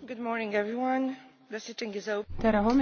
tere hommikust austatud kolleegid!